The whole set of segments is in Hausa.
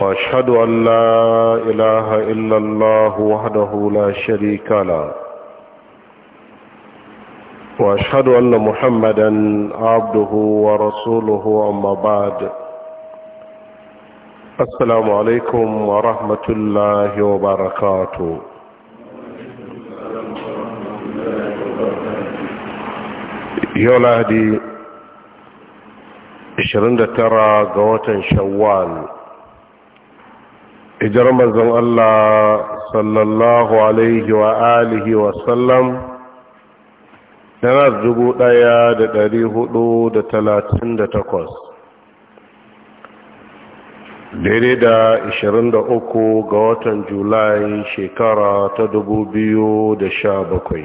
واشهد ان لا اله الا الله وحده لا شريك له واشهد ان محمدا عبده ورسوله اما بعد السلام عليكم ورحمه الله وبركاته yau lahadi 29 ga watan shawwal ijar mazan Allah sallallahu alaihi wa alihi wa sallam tana dubu ɗaya da dari hudu da talatin da takwas daidai da ishirin da uku ga watan julai shekara ta dubu biyu da sha bakwai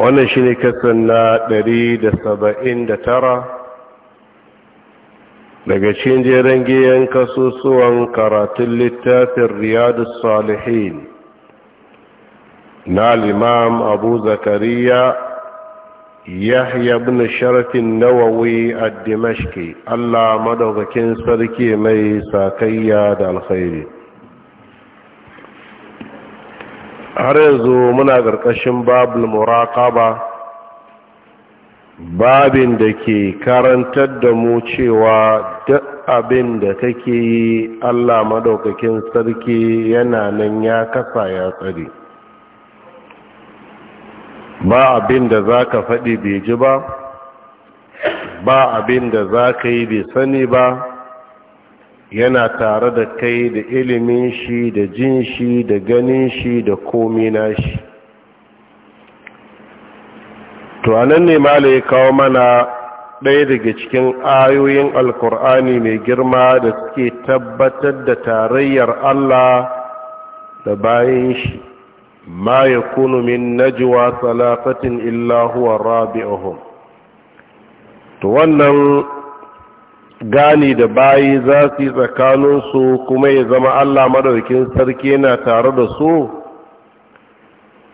wannan shi ne kasan na dari da saba'in da tara daga cikin jeren giyan kasusuwan karatun littafin riyadu salihin na limam abu zakariya yahya bin sharafin nawawi a dimashki allah madaukakin sarki mai sakayya da alkhairi har yanzu muna ƙarƙashin babul muraƙaba babin da ke karantar da mu cewa duk abin da kake yi Allah maɗaukakin sarki yana nan ya kasa ya tsare ba abin da za ka faɗi bai ji ba ba abin da za ka yi bai sani ba yana tare da kai da ilimin shi da jin shi da ganin shi da komi na shi to anan ne mala ya kawo mana ɗaya daga cikin ayoyin alkur'ani mai girma da suke tabbatar da tarayyar Allah da bayan shi ma ya kunu min najwa salafatin illa huwa to wannan gani da bayi za su yi tsakaninsu kuma ya zama Allah madaukin sarki yana tare da su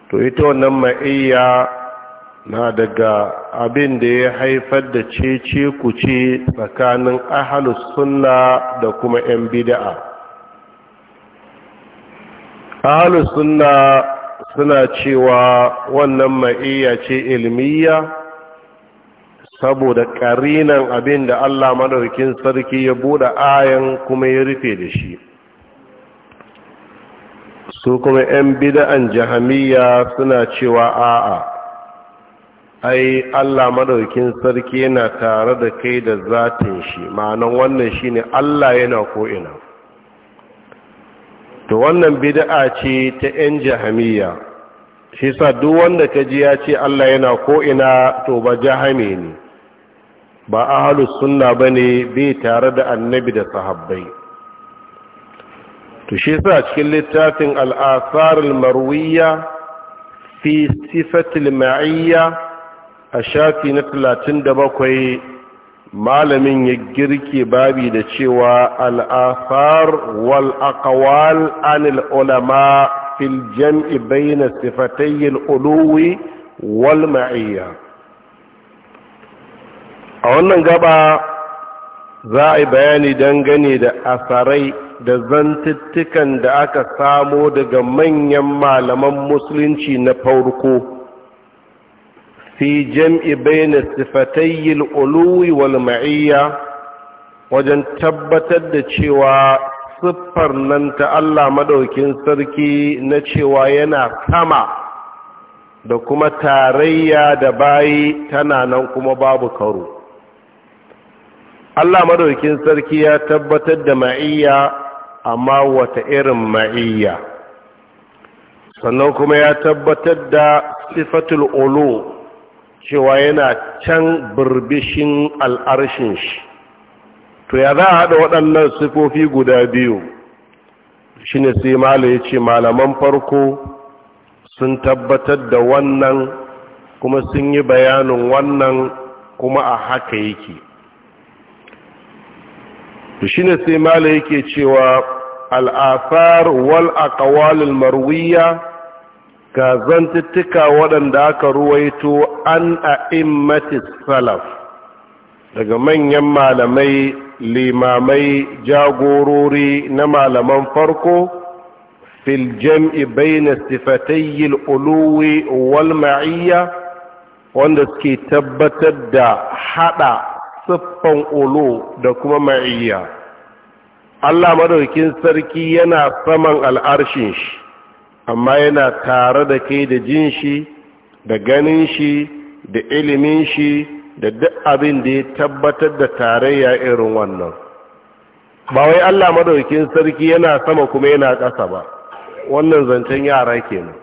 to ita wannan ma'iyya na daga abin da ya haifar da cece ce tsakanin ahalus sunna da kuma 'yan bida'a ahalus sunna suna cewa wannan ma'iyya ce ilmiya saboda ƙarinan abin da allah madaukin sarki ya buɗe ayan kuma ya rufe da shi su kuma 'yan bida'an jahamiya suna cewa a'a ai Allah madaukin sarki yana tare da kai da zatin shi ma'anan wannan shine Allah yana ko'ina to wannan bid'a ce ta 'yan jahamiya shi sa duk wanda ka ji ya ce Allah yana ko'ina to ba jahame ne ba ahlus sunna bane bai tare da annabi da sahabbai to shi sa cikin littafin al-asar al-marwiya fi sifatil ma'iyya a shafi na talatin da bakwai malamin ya girke babi da cewa al'afar wal aqwal anil ulama fil jam'i bayna sifatayil uluwi wal ma'iyya a wannan gaba za a yi bayani dangane da asarai da zantuttukan da aka samo daga manyan malaman musulunci na farko fi jam'i bayna sifatayyi al-uluwi wal ma'iyya wajen tabbatar da cewa siffar nan ta Allah madaukin sarki na cewa yana sama da kuma tarayya da bayi tana nan kuma babu karo Allah madaukin sarki ya tabbatar da ma'iyya amma wata irin ma'iyya sannan kuma ya tabbatar da sifatul ulu cewa yana can birbishin al'arshin shi to ya za a haɗa waɗannan sifofi guda biyu shi ne sai mala ya ce malaman farko sun tabbatar da wannan kuma sun yi bayanin wannan kuma a haka yake to shi ne sai mala yake cewa al'afar wal aqwalul marwiyya ga zantuttuka waɗanda aka ruwaito an a immatis salaf daga manyan malamai limamai jagorori na malaman farko fil jam'i bayna sifatayyil uluwi wal ma'iyya wanda suke tabbatar da hada siffan ulu da kuma ma'iyya Allah madaukin sarki yana saman al'arshin shi amma yana tare da ke da jin shi da ganin shi da ilimin shi da duk abin da ya tabbatar da tarayya irin wannan ba wai Allah madaukin sarki yana sama kuma yana ƙasa ba wannan zancen yara kenan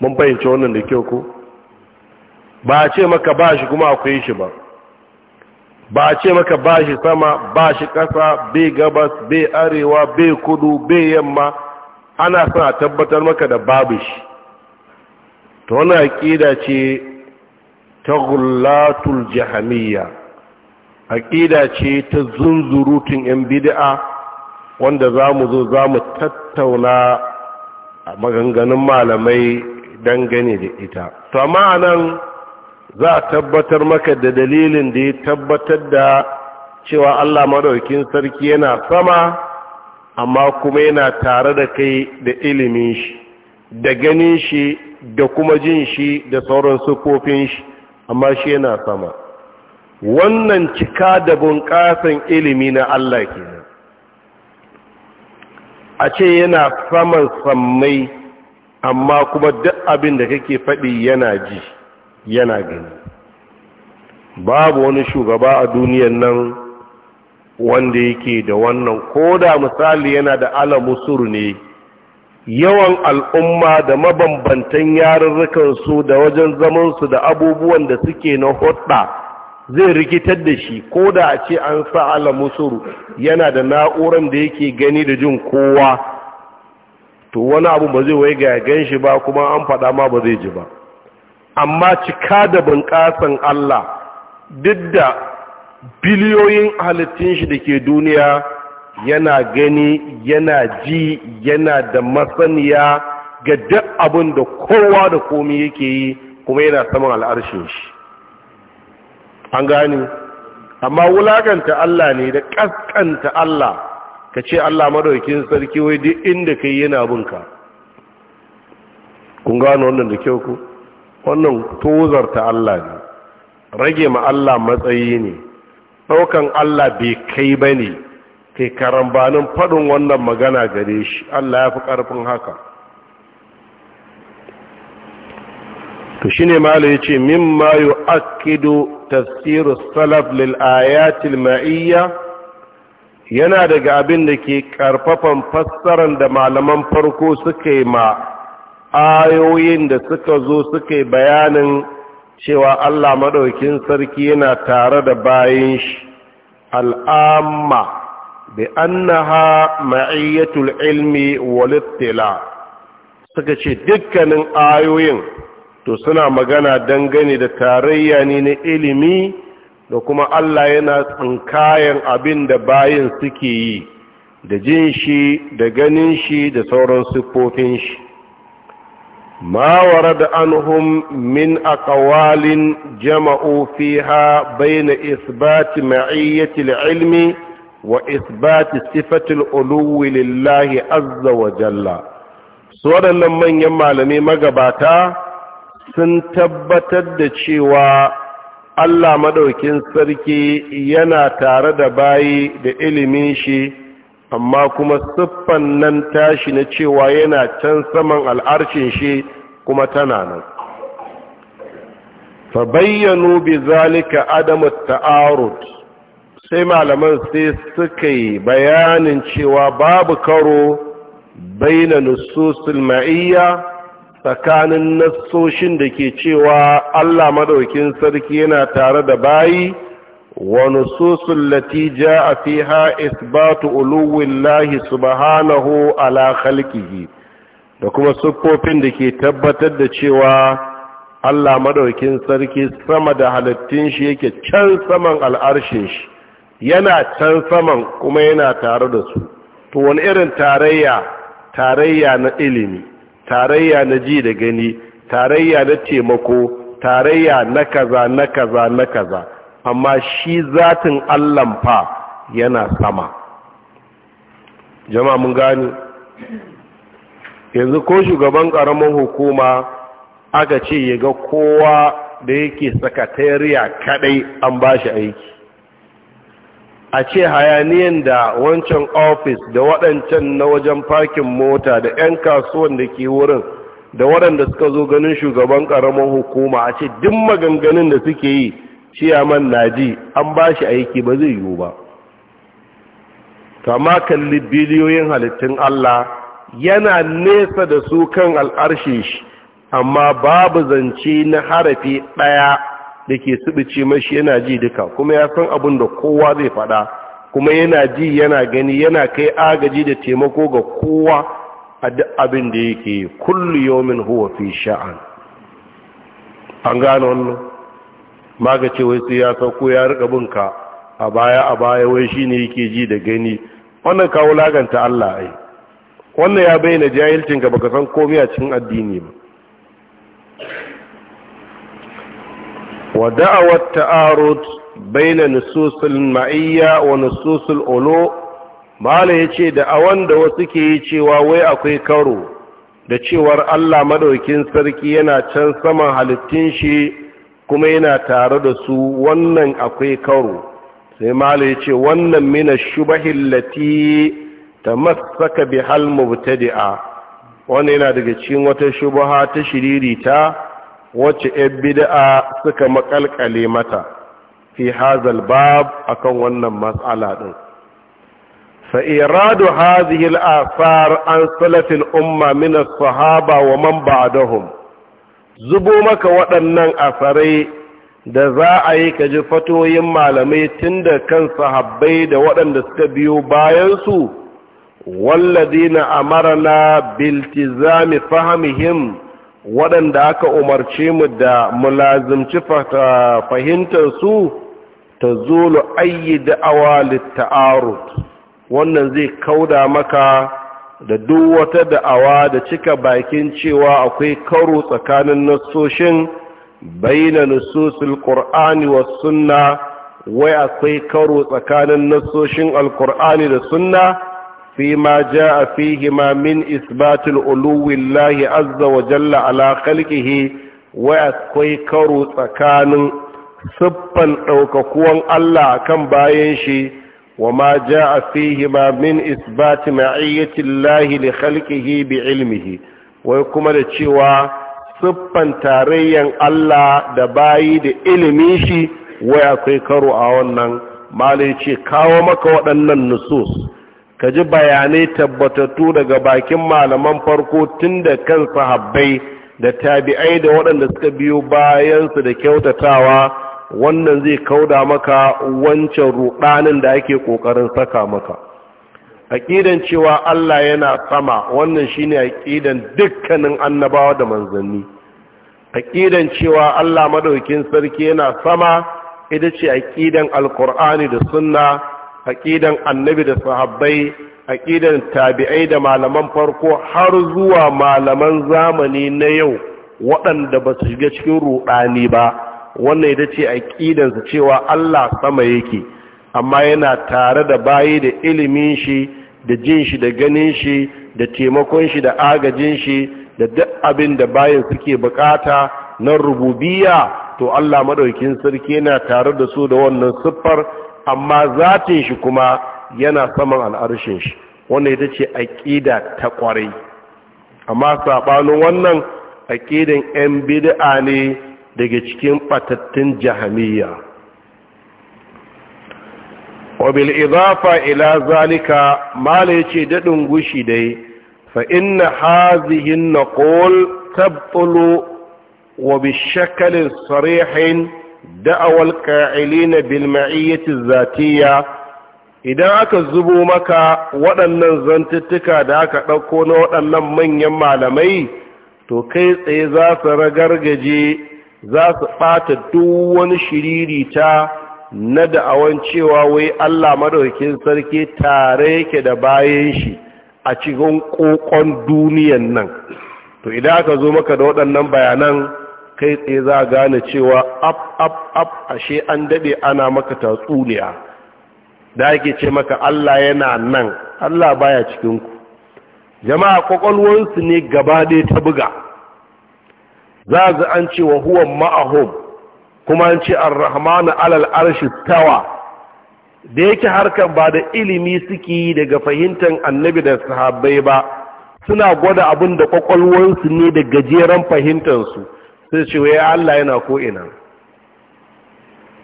mun fahimci wannan da kyau ko ba a ce maka ba shi kuma akwai shi ba ba a ce maka ba shi sama ba shi ƙasa bai gabas bai arewa bai kudu bai yamma ana son a tabbatar maka da babu shi ta wani aƙida ce ta gullatul jahamiyya aƙida ce ta zunzurutun 'yan bidi'a, wanda za mu zo za mu tattauna a maganganun malamai dangane da ita amma nan za a tabbatar maka da dalilin da ya tabbatar da cewa allah Madaukin sarki yana sama amma kuma yana tare da kai da ilimin shi da ganin shi da kuma jin shi da sauran sukofin shi amma shi yana sama wannan cika da bunƙasan ilimi na Allah ke a ce yana saman sammai amma kuma duk abin da kake faɗi yana ji yana gani babu wani shugaba a duniyan nan wanda yake da wannan ko da misali yana da alamusur ne yawan al'umma da mabambantan yarurrukansu da wajen zamansu da abubuwan da suke na hudda zai rikitar da shi ko da a ce an sa alamusur yana da na'uran da yake gani da jin kowa to wani abu ba zai wai ga gan shi ba kuma an faɗa ma ba zai ji ba amma cika da bunƙasan Allah duk da biliyoyin halittun shi da ke duniya yana gani yana ji yana da masaniya ga duk abin da kowa da komi yake yi kuma yana saman al'arshin shi an gani amma wulakanta Allah ne da ƙasƙanta Allah ka ce Allah madaukin sarki wai duk inda kai yana binka kun gano wannan da kyau ku wannan tozarta Allah ne rage ma Allah matsayi ne Daukan Allah bai kai ba ne kai karambanin faɗin wannan magana gare shi Allah ya fi ƙarfin haka to shi ne malu ya ce min yi akido tafsirin salaf lil'ayatul ma'iyya yana daga abin da ke ƙarfafan fassarar da malaman farko suka yi ma ayoyin da suka zo suka yi bayanin cewa Allah maɗaukin sarki yana tare da bayan shi al'amma na annaha ma’ayyatul ilmi walittila suka ce dukkanin ayoyin to suna magana dangane da tarayya ne na ilimi da kuma Allah yana tsinkayen abin da bayin suke yi da jin shi da ganin shi da sauran siffofin shi ما ورد عنهم من أقوال جمعوا فيها بين إثبات معية العلم وإثبات صفة الألو لله عز وجل سورة لما لمن يمعلمي مقباتا سنتبت شوى Allah madaukin sarki yana tare da bayi da ilimin shi amma kuma siffan nan tashi na cewa yana can saman al'arcin shi kuma tana nan fa bayyano bi zalika adamu ta'arud sai malaman sai suka yi bayanin cewa babu karo baina nususul ma'iyya tsakanin nassoshin da ke cewa Allah madaukin sarki yana tare da bayi ونصوص التي جاء فيها إثبات علو الله سبحانه على خلقه da kuma siffofin da ke tabbatar da cewa Allah madaukin sarki sama da halittun shi yake can saman al'arshin shi yana can saman kuma yana tare da su to wani irin tarayya tarayya na ilimi tarayya na ji da gani tarayya na taimako tarayya na kaza na kaza na kaza amma shi zatin Allah fa yana sama jama'a mun gani yanzu ko shugaban ƙaramin hukuma aka ce ya ga kowa da yake sakatariya kadai an ba shi aiki a ce hayaniyan da wancan ofis da waɗancan na wajen fakin mota da 'yan kasuwan da ke wurin da waɗanda suka zo ganin shugaban ƙaramin hukuma a ce duk maganganun da suke yi ciyaman na ji an ba shi aiki ba zai yiwu ba kama kalli biliyoyin halittun Allah yana nesa da su kan al'arshe shi amma babu zance na harafi ɗaya da ke subice mashi yana ji duka kuma ya san abin da kowa zai faɗa kuma yana ji yana gani yana kai agaji da taimako ga kowa a duk abin da yake kullu yawmin huwa fi sha'an an gano wannan maga ce wai sai ya sauko ya rika binka a baya a baya wai shine yake ji da gani wannan kawo laganta Allah ai wannan ya bayyana jahilcin ka baka san komai a cikin addini ba wa da'awat ta'arud baina nususul ma'iyya wa nususul ulu mala yace da awan da wasu ke yi cewa wai akwai karo da cewar Allah madaukin sarki yana can saman halittun shi kuma yana tare da su wannan akwai karo sai mala ya ce wannan mina shubahin lati ta masaka bi hal mubtadi'a wanda yana daga cikin wata shubaha ta shiririta wacce yan bidaa suka makalkale mata fi hazal bab akan wannan matsala ɗin fairadu hazihil hadhihi a an salafin umma mina sahaba wa man ba'dahum zubo maka waɗannan asarai da za a yi ka ji fatoyin malamai tun da kan sahabbai da waɗanda suka biyo bayansu walladina amarana biltizami fahimihim waɗanda aka umarce mu da mulazimci fahimtarsu ta zolo ayi da'awa litta'arut wannan zai kauda maka da duk wata da'awa da cika bakin cewa akwai karo tsakanin nassoshin bayyana nassosul qur'ani wa suna, wai akwai karo tsakanin nassoshin alqur'ani da sunna fi ma a fi ma min isbatul uluwi llahi azza wa jalla ala wai akwai karo tsakanin siffan ɗaukakuwan Allah kan bayan shi وما جاء فيهما من إثبات معية الله لخلقه بعلمه ويكما لتشيوى سبا تاريا الله دبايد إلميشي ويكيكروا أولا ما ليتشي كاومك وأن النصوص kaji bayanai tabbatattu daga bakin malaman farko tun da kan sahabbai da tabi'ai da waɗanda suka biyo bayansu da wannan zai kauda maka wancan ruɗanin da ake ƙoƙarin saka maka ƙidan cewa Allah yana sama wannan shi shine ƙidan dukkanin annabawa da manzanni ƙidan cewa Allah maɗaukin sarki yana sama ita ce ƙidan AlƘur'ani da sunna ƙidan annabi da sahabbai ƙidan tabi'ai da malaman farko har zuwa malaman zamani na yau waɗanda ba su shiga cikin ruɗani ba wannan ita ce aqidansa cewa Allah sama yake amma yana tare da bayi da ilimin shi da jin shi da ganin shi da taimakon shi da agajin shi da duk abin da bayin suke bukata na rububiya, to Allah maɗaukin sarki yana tare da su da wannan siffar amma zatin shi kuma yana saman al'arshin shi wannan ita ce aqida ta kwarai amma sabanin wannan ƙidan yan bid'a ne daga cikin batattun jahamiya wabil izafa ila zalika mala yace daɗin gushi dai fa hazihin na naqul tabtulu wa bishakal sarih da'aw alqa'ilin bil ma'iyyati zatiyya idan aka zubo maka waɗannan zantuttuka da aka ɗauko na waɗannan manyan malamai to kai tsaye za su ragargaje za su ɓata duk wani shiriri ta na da'awan cewa wai Allah madaukakin sarki tare yake da bayan shi a cikin kokon duniyan nan to idan aka zo maka da waɗannan bayanan kai tsaye za a gane cewa ap ap ap ashe an daɗe ana maka tatsuniya da ake ce maka Allah yana nan Allah baya cikinku jama'a kwakwalwarsu ne gaba ɗaya ta buga za a an ce wa huwa ma'ahum kuma an ce ar-rahmanu alal arshi tawa da yake harkar ba da ilimi suke yi daga fahimtar annabi da sahabai ba suna gwada abin da kwakwalwansu ne da gajeren fahimtansu sai ce wai Allah yana ko ina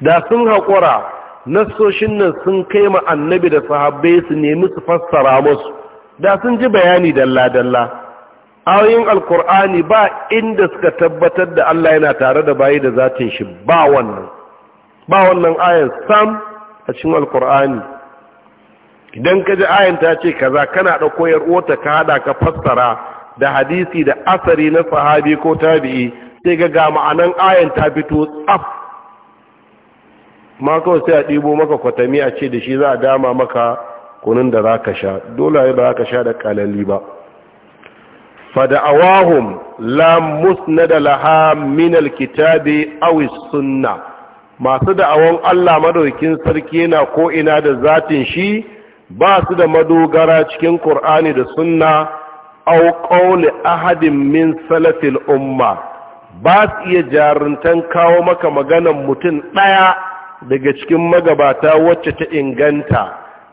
da sun haƙura nassoshin nan sun kai ma annabi da sahabbai su nemi su fassara musu da sun ji bayani dalla-dalla ayoyin alkur'ani ba inda suka tabbatar da Allah yana tare da bayi da zatin shi ba wannan ba wannan ayan sam a cikin alkur'ani idan ka ji ayan ta ce kaza kana da koyar uwarta ka hada ka fassara da hadisi da asari na sahabi ko tabi'i sai ga ga ma'anan ayan ta fito tsaf ma kawai sai a ɗibo maka kwatami a ce da shi za a dama maka kunun da za ka sha dole ba za ka sha da kalali ba فدعواهم لا مسند لها من الكتاب أو السنة masu da'awan Allah maɗaukin sarki yana ko ina da zatin shi ba su da madogara cikin Kur'ani da sunna au ahadin min salafil umma ba su iya jaruntan kawo maka maganan mutum ɗaya daga cikin magabata wacce ta inganta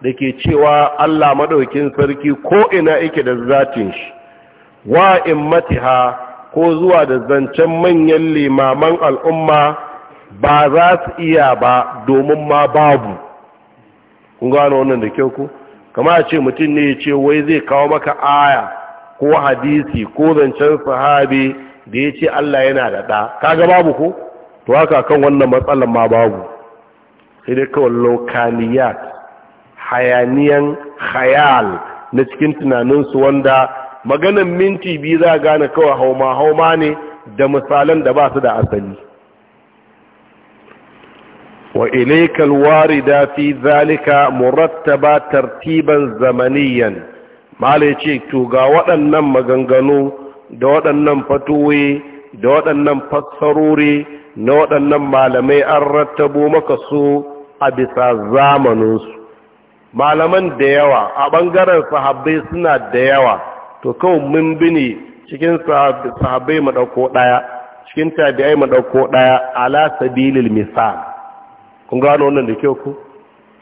da ke cewa Allah maɗaukin sarki ko ina yake da zatin shi wa matiha ko zuwa da zancen manyan limaman al'umma ba za su iya ba domin ma babu kun gano wannan da kyau ku kama a ce mutum ne ya ce wai zai kawo maka aya ko hadisi ko zancen sahabi da ya ce Allah yana da ɗa kaga babu ko to haka kan wannan matsalan ma babu sai dai kawai lokaliyat, hayaniyan hayal na cikin tunaninsu wanda maganan minti biyu za a gane kawai hauma hauma ne da misalan da ba su da asali wa ilaikal da fi zalika murattaba tartiban zamaniyan malai ce to ga waɗannan maganganu da waɗannan fatoyi da waɗannan fassarori na waɗannan malamai an rattabo maka su a bisa zamaninsu malaman da yawa a ɓangaren sahabbai suna da yawa to kawai mun bi ne cikin sahabbai madauko daya ɗaya cikin tabi'ai madauko daya ala sabilil misal kun gano wannan da kyau ku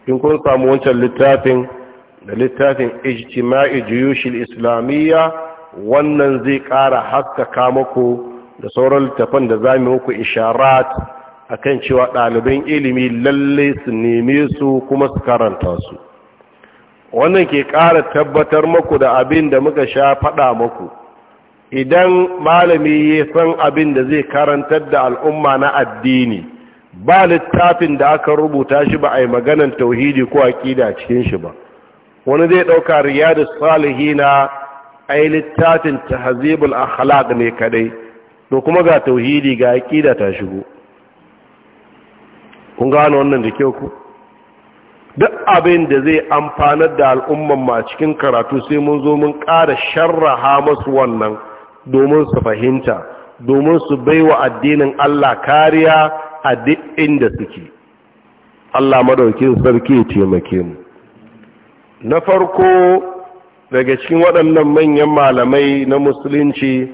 kin kun samu wancan littafin da littafin ijtima'i juyushil islamiyya wannan zai ƙara haskaka muku da sauran littafan da zamu muku isharat akan cewa ɗaliban ilimi lalle su neme su kuma su karanta su wannan ke ƙara tabbatar muku da abin da muka sha faɗa maku idan malami ya san abin da zai karantar da al'umma na addini ba littafin da aka rubuta shi ba a yi maganan tauhidi ko aƙida cikin shi ba wani zai ɗauka riyadu na a yi littafin tahzibul akhlaq ne kadai to kuma ga tauhidi ga aƙida ta shigo kun gano wannan da kyau ku duk abin da zai amfanar da al'umman ma cikin karatu sai mun zo mun ƙara sharraha masu wannan domin su fahimta domin su baiwa addinin Allah kariya a duk inda suke Allah madaukin sarki ya taimake mu na farko daga cikin waɗannan manyan malamai na musulunci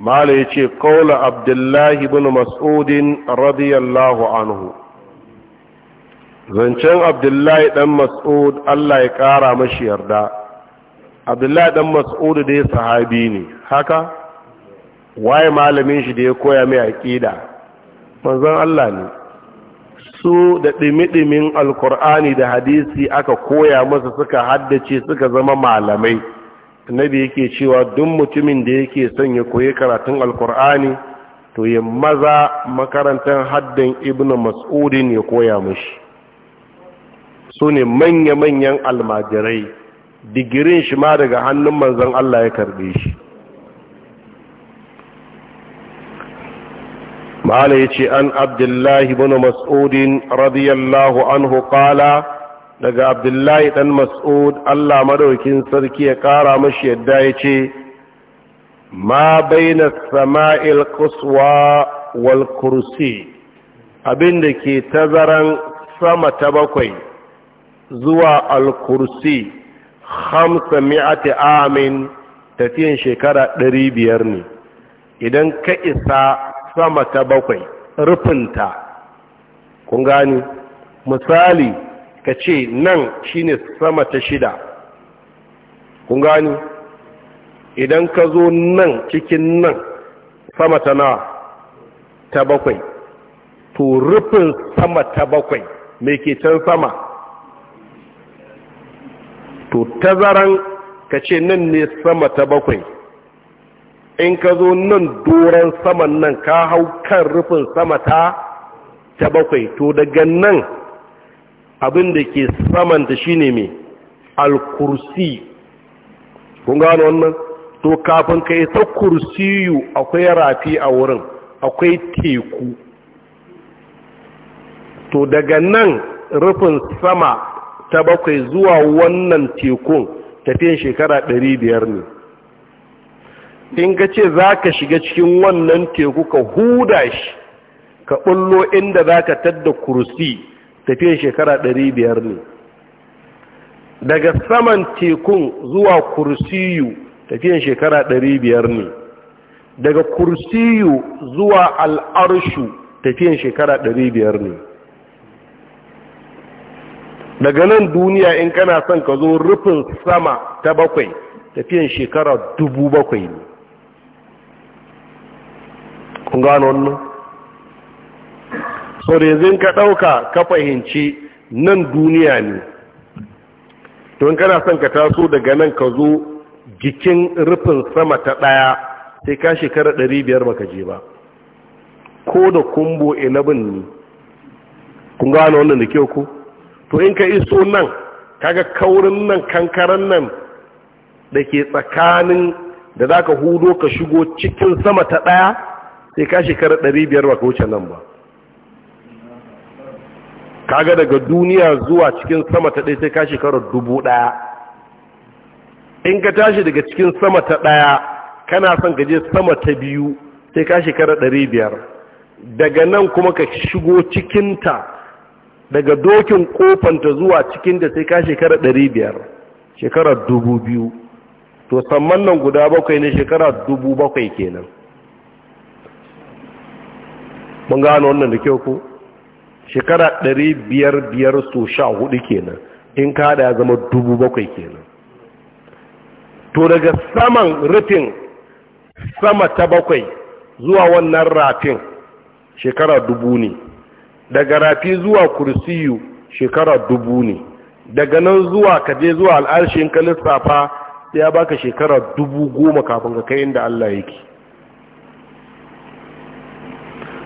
Malam yace ce kaula abdullahi bin mas'udin radiyallahu anhu zancen abdullahi dan mas'ud Allah ya kara mashi yarda abdullahi dan mas'ud da ya sahabi ne haka waye malamin shi da ya koya mai aqida manzon Allah ne su da dimi-dimin alkur'ani da hadisi aka koya masa suka haddace suka zama malamai annabi yake cewa duk mutumin da yake son ya koyi karatun alkur'ani to ya maza makarantar haddan ibnu mas'udin ya koya mashi su ne manya-manyan almajirai digirin shi ma daga hannun manzan Allah ya karbe shi ma'ala ya ce an abdullahi bin mas'udin radiyallahu anhu kala daga abdullahi dan mas'ud Allah madaukin sarki ya kara mashi yadda ya ce ma baina sama'il kuswa wal kursi abinda ke tazaran sama ta bakwai zuwa al-kursi hamsa mi'ati amin tafiyan shekara ɗari biyar ne idan ka isa sama ta bakwai rufinta kun gani misali ka ce nan shine sama ta shida kun gani idan ka zo nan cikin nan sama ta na ta bakwai to rufin sama ta bakwai mai ke can sama to tazaran ka ce nan ne sama ta bakwai in ka zo nan doron saman nan ka hau kan rufin sama ta ta bakwai to daga nan abin da ke samanta shine mai alkursi kun gano wannan to kafin ka isa kursiyu akwai rafi a wurin akwai teku to daga nan rufin sama ta bakwai zuwa wannan tekun tafiyan shekara ɗari biyar ne in ka ce za ka shiga cikin wannan teku ka huda shi ka ɓullo inda za ka tadda kursi tafiyan shekara ɗari biyar ne daga saman tekun zuwa kursiyu tafiyan shekara ɗari biyar ne daga kursiyu zuwa al'arshu tafiyan shekara ɗari biyar ne daga nan duniya in kana son ka zo rufin sama ta bakwai tafiyan shekara dubu bakwai ne kun gano wannan so da yanzu ka ɗauka ka fahimci nan duniya ne don kana son ka taso daga nan ka zo jikin rufin sama ta ɗaya sai ka shekara ɗari biyar baka je ba ko da kumbo 11 ne kun gano wannan da kyau ko to in ka iso nan kaga kaurin nan kankaran nan da ke tsakanin da za ka hudo ka shigo cikin sama ta ɗaya sai ka shekara ɗari biyar ba ka wuce nan ba kaga daga duniya zuwa cikin sama ta ɗaya sai ka shekara dubu ɗaya in ka tashi daga cikin sama ta ɗaya kana son ka je sama ta biyu sai ka shekara ɗari biyar daga nan kuma ka shigo cikinta daga dokin kofanta zuwa cikin da sai ka shekara ɗari biyar shekara dubu biyu to samman nan guda bakwai ne shekara dubu bakwai kenan mun gano wannan da kyau ko shekara ɗari biyar biyar su sha hudu kenan in ka da ya zama dubu bakwai kenan to daga saman rufin sama ta bakwai zuwa wannan rafin shekara dubu ne daga rafi zuwa kursiyu shekara dubu ne daga nan zuwa ka je zuwa al'arshin ka lissafa ya baka shekara dubu goma kafin ka kai inda Allah yake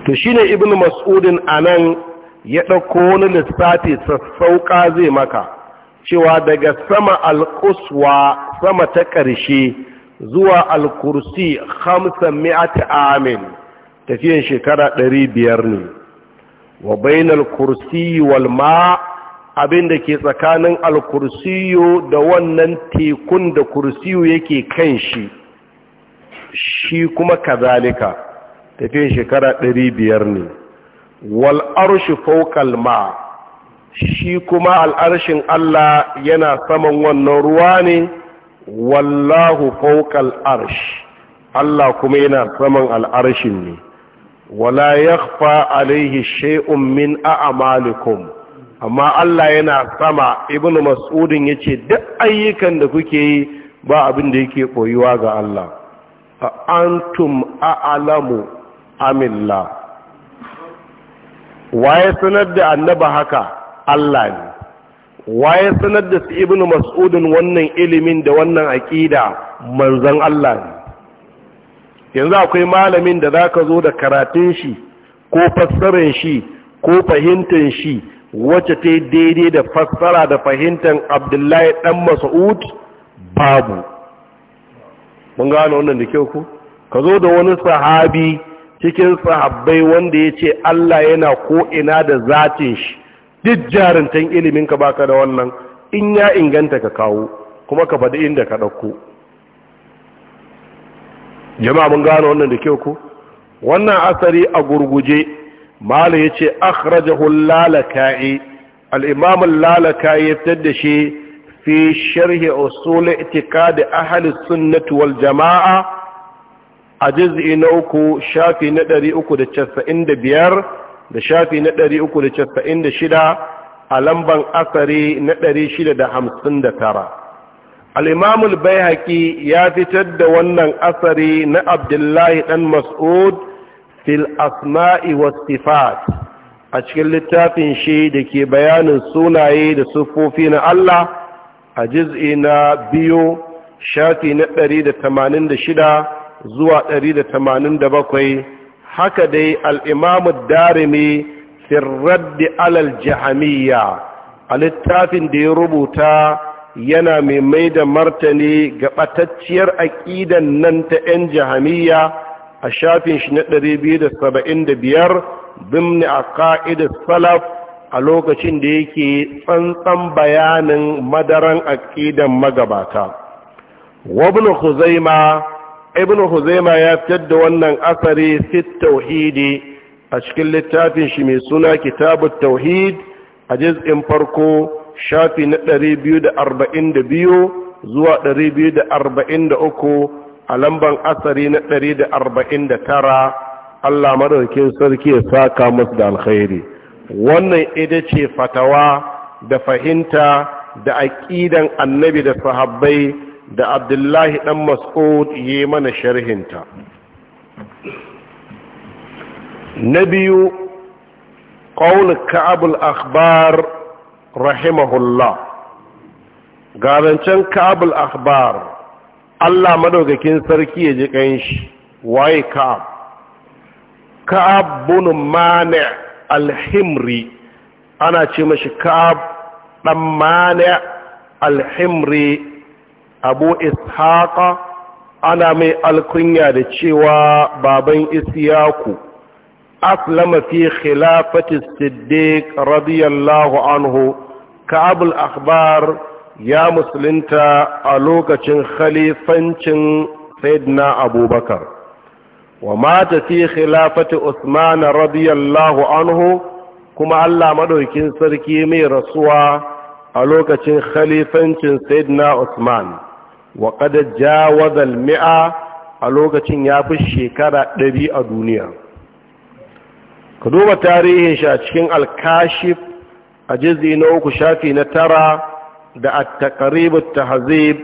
to shine ibnu mas'udin anan ya dauko wani lissafi sassauka zai maka cewa daga sama al-quswa sama ta ƙarshe zuwa al-kursi 500 amin tafiyan shekara 500 ne wa bainal kursi wal ma abin da ke tsakanin alkursiyo da wannan tekun da kursiyo yake kan shi shi kuma kazalika tafiyan shekara ɗari biyar ne wal arshi fawqal ma shi kuma al'arshin Allah yana saman wannan ruwa ne wallahu fawqal arsh Allah kuma yana saman al'arshin ne wala fa alaihi shai'un min a'malikum amma Allah yana sama ibnu mas'udin yace duk ayyukan da kuke yi ba abin da yake koyuwa ga Allah antum a'lamu amilla waye sanar da annaba haka Allah ne waye sanar da su ibnu mas'udin wannan ilimin da wannan aqida manzon Allah ne yanzu akwai malamin da za ka zo da karatun shi ko fassarar shi ko fahimtar shi wacce ta daidai da fassara da fahimtar abdullahi dan masu'ud babu mun gano wannan da kyau ku ka zo da wani sahabi cikin sahabbai wanda ya ce Allah yana ko'ina da zatin shi duk jarintan ilimin ka baka da wannan in ya inganta ka kawo kuma ka faɗi inda ka ɗauko jama'a mun gano wannan da kyau ko wannan asari a gurguje ya yace akhrajahu lalaka'i al-imam lalaka'i ya fitar da shi fi sharhi usul i'tiqad ahli sunnah wal jama'a a juz'i na uku shafi na 395 da shafi na 396 a lamban asari na 659 al'imamul bai haƙi ya fitar da wannan asari na abdullahi ɗan mas'ud fil asma'i was a cikin littafin shi da ke bayanin sunaye da siffofi na Allah a jiz'i na biyu shafi na ɗari da da shida zuwa ɗari da da bakwai, haka dai al'imamul darimi firraddi alal jahamiyya a littafin da ya rubuta yana mai mai da martani ga ɓatacciyar aƙidan nan ta 'yan jahamiya a shafin shi na 275 bimni a ƙa'idar salaf a lokacin da yake tsantsan bayanin madaran aƙidan magabata wabin huzaima ibn huzaima ya fitar da wannan asari fit tauhidi a cikin littafin shi mai suna kitabun tauhid a jiz'in farko shafi na 242 zuwa 243 a lamban asari na 149 Allah madaukin sarki ya saka musu da alkhairi wannan ita ce fatawa da fahimta da aƙidan annabi da sahabbai da abdullahi ɗan mas'ud yi mana sharhinta na biyu ƙaunar ka'abul akhbar rahimahullah garancen kabul akhbar Allah madaukakin sarki ya ji kanshi waye ka'ab ka'ab bin mani alhimri ana ce mashi ka'ab dan mani alhimri abu ishaqa ana mai alkunya da cewa baban isyaku aslama fi khilafati siddiq radiyallahu anhu ka'ab al-akhbar ya musulunta a lokacin khalifancin sayyidina abubakar wa mata fi usman radiyallahu anhu kuma Allah madaukin sarki mai rasuwa a lokacin khalifancin sayyidina usman wa qad jawaza al a lokacin yafi shekara ɗari a duniya ka duba tarihin shi a cikin alkashif a jizi na uku shafi na tara da a takaribin tahazib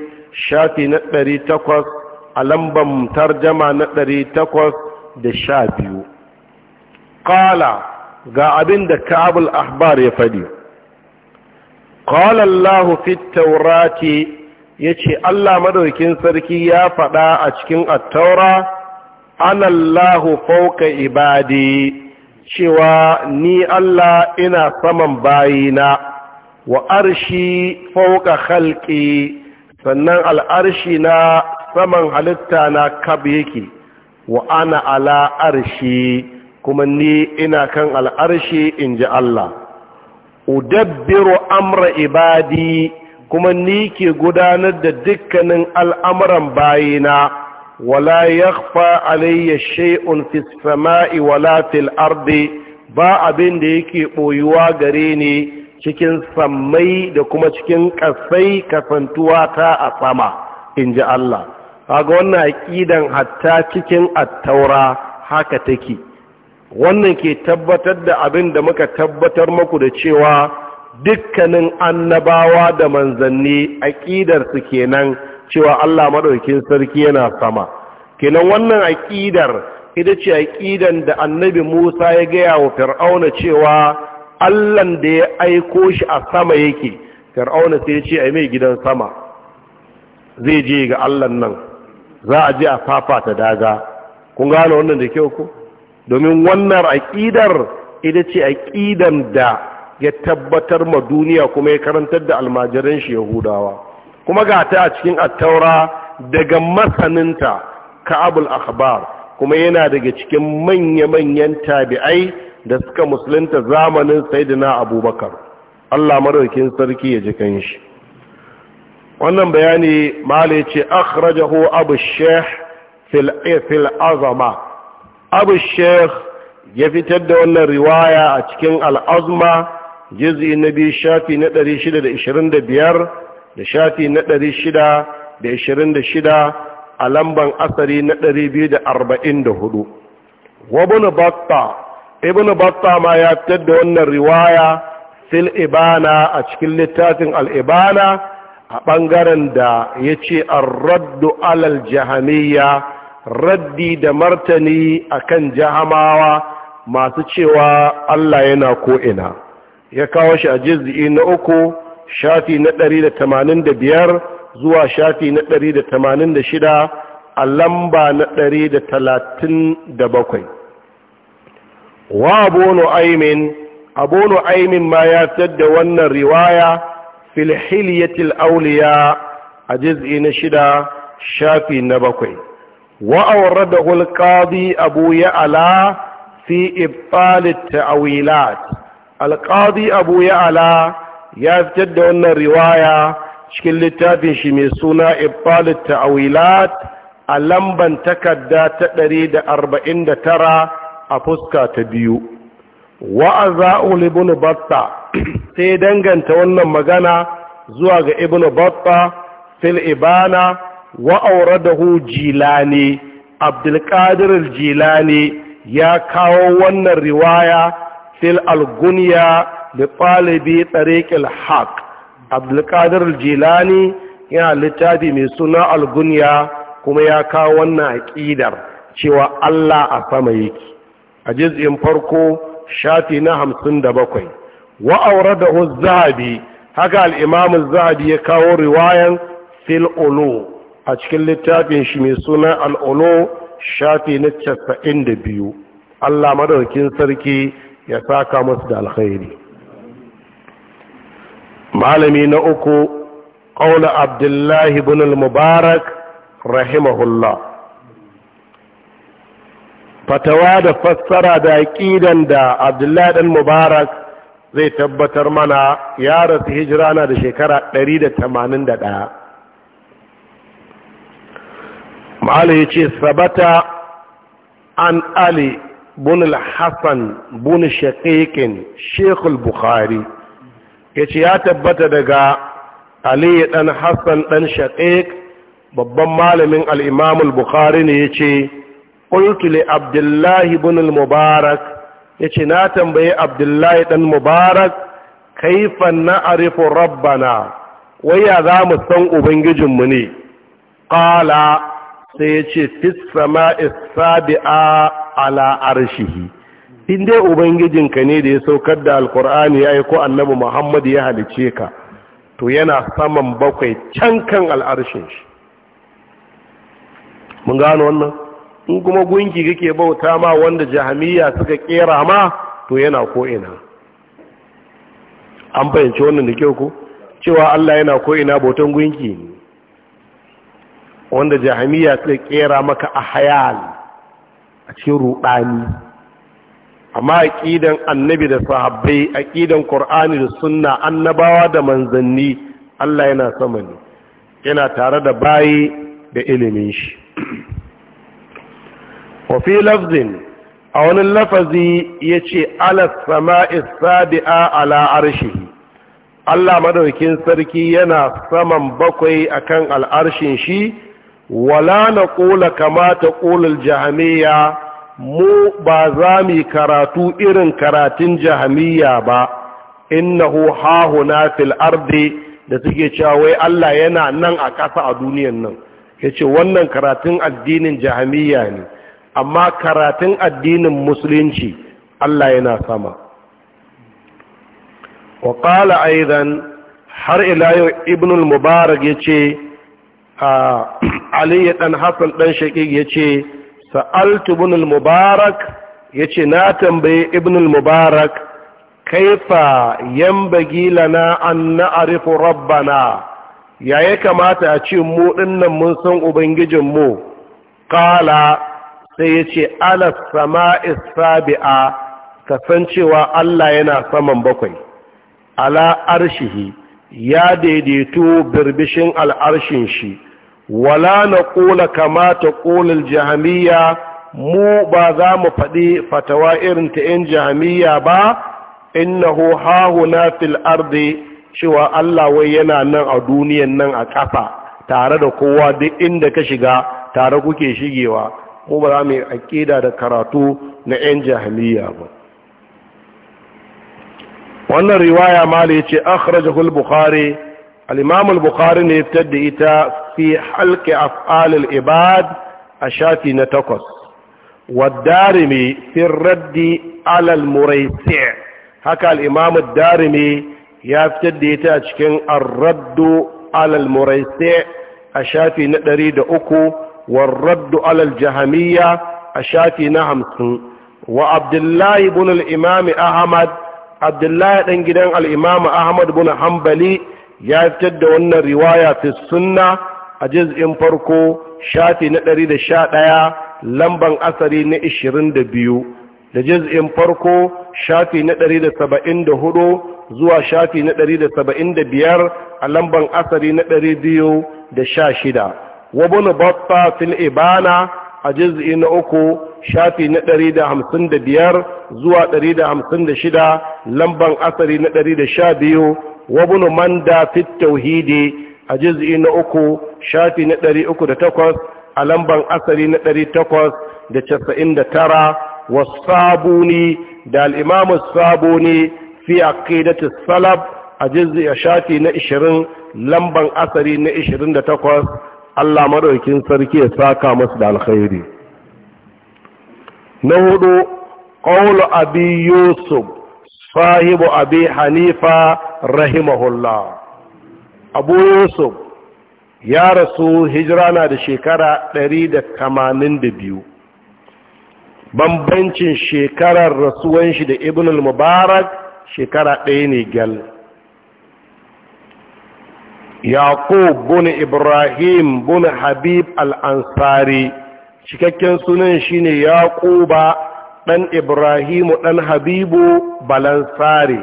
shafi na ɗari takwas a lambar tarjama na ɗari takwas da sha biyu ƙala ga abin da kabul ahbar ya faɗi ƙalallahu fit taurati ya ce Allah madaukin sarki ya faɗa a cikin attaura anallahu fauka ibadi cewa ni Allah ina saman bayina wa arshi fauka halki sannan al'arshi na saman halitta na kab yake wa ana ala arshi kuma ni ina kan al'arshi in ji Allah udabbiru amra ibadi kuma ni ke gudanar da dukkanin al'amuran bayina wala يخفى علي شيء في sama'i wala fil ardi ba abin da yake ɓoyuwa gare ni cikin sammai da kuma cikin kasai kasantuwa ta a sama ji Allah kaga wannan aqidan hatta cikin at-taura haka take wannan ke tabbatar da abin da muka tabbatar muku da cewa dukkanin annabawa da manzanni aƙidarsu kenan cewa Allah maɗaukin sarki yana sama kenan wannan aqidar ita ce aqidan da annabi Musa ya gaya wa Fir'auna cewa Allahn da ya aiko shi a sama yake Fir'auna sai ya ce ai mai gidan sama zai je ga Allahn nan za a je a ta daga kun gane wannan da kyau ko domin wannan aqidar ita ce aqidan da ya tabbatar ma duniya kuma ya karantar da almajiran shi Yahudawa kuma ga ta a cikin attaura daga masaninta ka ka'abul akhbar kuma yana daga cikin manya-manyan tabi'ai da suka musulunta zamanin sayyidina abubakar Allah madaukin sarki ya ji shi. wannan bayani mala ce akhrajahu abu sheikh fil azama abu sheikh ya fitar da wannan riwaya a cikin al'azma jiz'i na biyu shafi na 625 da shafi na ɗari shida da ishirin da shida a lamban asari na ɗari biyu da arba'in da hudu batta ibn batta ma ya fitar da wannan riwaya fil ibana a cikin littafin al'ibana a ɓangaren da ya ce an raddu alal jahamiyya raddi da martani a kan jahamawa masu cewa allah yana ko'ina ya kawo shi a jizgi na uku shafi na ɗari da tamanin da biyar zuwa shafi na ɗari da tamanin da shida a lamba na ɗari da talatin da bakwai wa abono aimin abono aimin ma ya da wannan riwaya filhiliyatil auliya a jiz'i na shida shafi na bakwai wa aurada hulƙadi abu ya'ala fi ibtalit ta'awilat alƙadi abu ya'ala ya fitar da wannan riwaya cikin littafin shi mai suna ibbalit ta'awilat a lamban takarda ta ɗari da da tara a fuska ta biyu wa'aza'ul ibn batta sai danganta wannan magana zuwa ga Ibnu batta fil ibana wa auradahu jilani abdulkadir jilani ya kawo wannan riwaya fil algunya da ɗalibi tsariƙil haq abdulkadir jilani yana littafi mai suna algunya kuma ya kawo wannan aƙidar cewa allah a sama yake a juz'in farko shafi na hamsin da bakwai wa'aure da zahabi haka al'imamun zahabi ya kawo riwayan fil'ulu a cikin littafin shi mai suna al'ulu shafi na casa'in da biyu allah madaukin sarki ya saka musu da alkhairi malami na uku ƙaula abdullahi bin mubarak rahimahullah fatawa da fassara da aƙidan da abdullahi ɗan mubarak zai tabbatar mana ya rasu hijira na da shekara 181 ma'ala ya ce sabata an ali bin al-hassan bin shaƙiƙin shekul bukhari ya ce ya tabbata daga ali ɗan hassan ɗan shaqiq babban malamin al'imamul bukhari ne ya ce ƙultule abdullahi bunul mubarak ya ce na tambaye abdullahi ɗan mubarak kaifan na arifu rabbana waya za mu san ubangijin mu ne ƙala sai ya ce fi sama ala arshihi in dai ubangijinka ne da ya saukar da alkur'ani ya yi ko annabi muhammad ya halice ka to yana saman bakwai can kan al'arshin shi mun gano wannan in kuma gunki kake bauta ma wanda jahamiya suka kera ma to yana ko'ina an fahimci wannan da kyau ko cewa allah yana ko'ina bautan gunki ne wanda jahamiya suka kera maka a hayal a cikin ruɗani amma aqidan annabi da sahabbai aqidan qur'ani da sunna annabawa da manzanni Allah yana sama ne yana tare da bayi da ilimin shi wa lafzin a wani lafazi yace ala sama'is sabi'a ala arshihi Allah madaukin sarki yana saman bakwai akan al'arshin shi wala na ƙula kamata ƙulul jahamiya mu ba za mu karatu irin karatun jahamiya ba innahu hahuna fil ardi da suke cewa wai Allah yana nan a ƙasa a duniyan nan yace wannan karatun addinin jahamiya ne amma karatun addinin musulunci Allah yana sama wa qala aidan har ila yau ibn al-mubarak yace ali dan hasan dan shaqiq yace sa'altu ibn al-mubarak yace na tambaye ibn al-mubarak kaifa yan lana an na'rifu rabbana yaya kamata a ce mu dinnan mun san ubangijin mu qala sai yace ala sama'is sabi'a kasancewa Allah yana saman bakwai ala arshihi ya daidaito birbishin al'arshin shi wala na ƙola kamata ƙolin jahamiya mu ba za mu faɗi fatawa irin ta ‘yan jahamiya ba innahu na fil ardi cewa Allah wai yana nan a duniyan nan a ƙafa tare da kowa duk inda ka shiga tare kuke shigewa mu ba za mu yi aƙida da karatu na ‘yan jahamiya ba wannan riwaya mala ya ce akhrajahu bukhari al-imam al-bukhari ne ya fitar da ita fi halki af'alil ibad a shafi na takwas wadarimi fi raddi alal muraisi haka al'imamu darimi ya fitar da ita a cikin arraddu alal muraisi a shafi na ɗari da uku warraddu alal jahamiya a shafi na hamsin wa abdullahi ibn al'imami ahmad abdullahi ɗan gidan al'imamu ahmad bin hambali ya fitar da wannan riwaya fi a jiz'in farko shafi na ɗari da sha ɗaya lamban asari na ishirin da biyu da jiz'in farko shafi na ɗari da saba'in da hudu zuwa shafi na ɗari da saba'in da biyar a lamban asari na ɗari biyu da sha shida wabin batta fil ibana a jiz'i na uku shafi na ɗari da hamsin da biyar zuwa ɗari da hamsin da shida lamban asari na ɗari da sha biyu wabin manda fit tauhidi a juz'i na uku shafi na ɗari uku da takwas a lamban asali na ɗari takwas da casa'in da tara wa sabuni da al'imamu sabuni fi aqidati salaf a juz'i a shafi na ishirin lamban asali na ishirin da takwas Allah madaukin sarki ya saka masu da alkhairi na hudu qawlu abi yusuf sahibu abi hanifa rahimahullah abu yusuf ya rasu hijira na da shekara 182 bambancin shekarar rasuwan shi da ibn al-mubarak shekara ɗaya ne gal yaqub bin ibrahim bin habib al-ansari cikakken sunan shine yaquba dan ibrahimu dan habibu balansari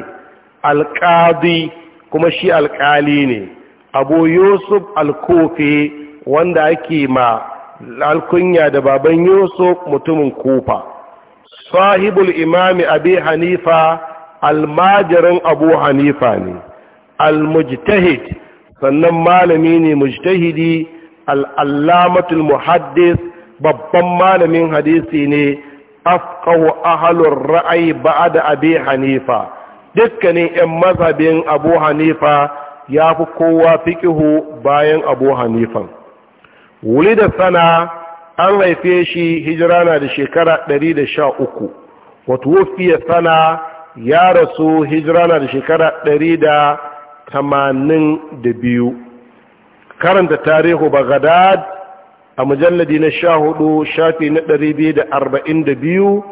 al-qadi kuma shi alƙali ne abu yusuf al-kufi wanda ake ma alkunya da baban yusuf mutumin kufa sahibul imami abi hanifa almajirin abu hanifa ne almujtahid sannan malami ne mujtahidi al'allamatul muhaddis babban malamin hadisi ne afkahu ahalur ra'ayi ba'a da abi hanifa dukkanin 'yan mazhabin abu hanifa ya fi kowa fiƙihu bayan abu hanifan wuli da sana an haife shi hijira na da shekara 113 wato wufiya sana ya rasu hijira na da shekara 182 karanta tarihu bagadad a mujalladi na sha hudu shafi na 242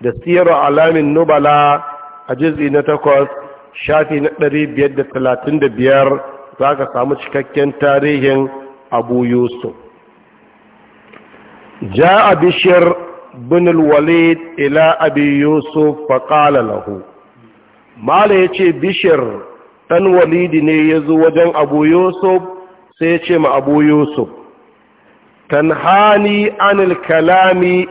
da siyarar alamin nubala a jizi na takwas shafi na ɗari biyar da talatin da biyar za ka samu cikakken tarihin abu yusuf ja a bishiyar binul walid ila abi yusuf faƙala lahu mala ya ce bishiyar ɗan walidi ne ya zo wajen abu yusuf sai ya ce ma abu yusuf tanhani anil kalami